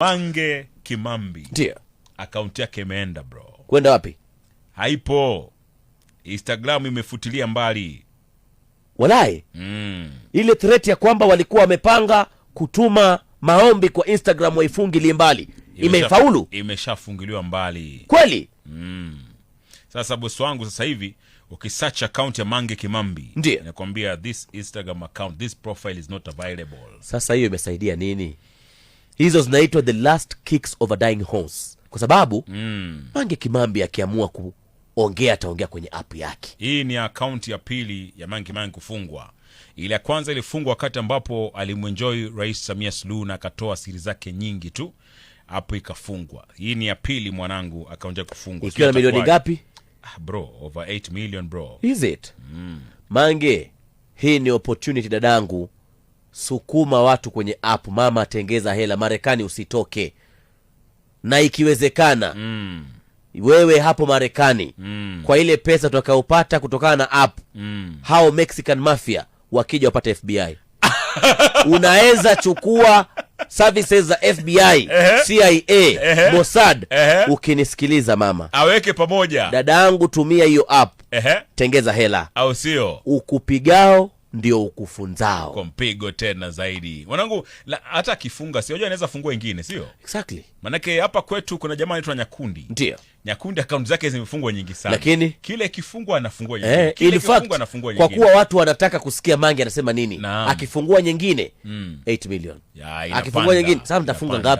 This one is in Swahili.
Mange Kimambi ndio akaunti yake imeenda bro, kwenda wapi? Haipo, Instagram imefutilia mbali walai. Mm. ile threat ya kwamba walikuwa wamepanga kutuma maombi kwa Instagram waifungilie mbali, imefaulu, imeshafungiliwa mbali kweli. Mm. Sasa bosi wangu, sasa hivi ukisearch account ya Mange Kimambi ndio inakwambia this Instagram account, this profile is not available. Sasa hiyo imesaidia nini? hizo zinaitwa the last kicks of a dying horse, kwa sababu mm. Mange Kimambi akiamua kuongea ataongea kwenye app yake. Hii ni akaunti ya pili ya Mange Kimambi kufungwa. Ile ya kwanza ilifungwa wakati ambapo alimwenjoi Rais Samia Suluhu na akatoa siri zake nyingi tu, hapo ikafungwa. Hii ni ya pili mwanangu, akaonja kufungwa ikiwa na milioni ngapi? Ah, bro over 8 million bro, is it mm. Mange, hii ni opportunity dadangu sukuma watu kwenye ap mama tengeza hela marekani usitoke na ikiwezekana mm. wewe hapo marekani mm. kwa ile pesa tutakaopata kutokana na ap mm. hao mexican mafia wakija wapate fbi unaweza chukua services za fbi cia mossad ukinisikiliza mama aweke pamoja dada yangu tumia hiyo ap tengeza hela au sio ukupigao ndio ukufunzao. Kwa mpigo tena zaidi mwanangu hata akifunga si anaweza fungua wengine, sio exactly. manake hapa kwetu kuna jamaa anaitwa Nyakundi, ndio Nyakundi, akaunti zake zimefungwa nyingi sana, lakini kile kifungwa anafungua eh, nyingine eh, kile kifungwa anafungua nyingine, kwa kuwa watu wanataka kusikia mangi anasema nini. Naam. akifungua nyingine mm. 8 million ya, akifungua nyingine sasa, mtafunga ngapi?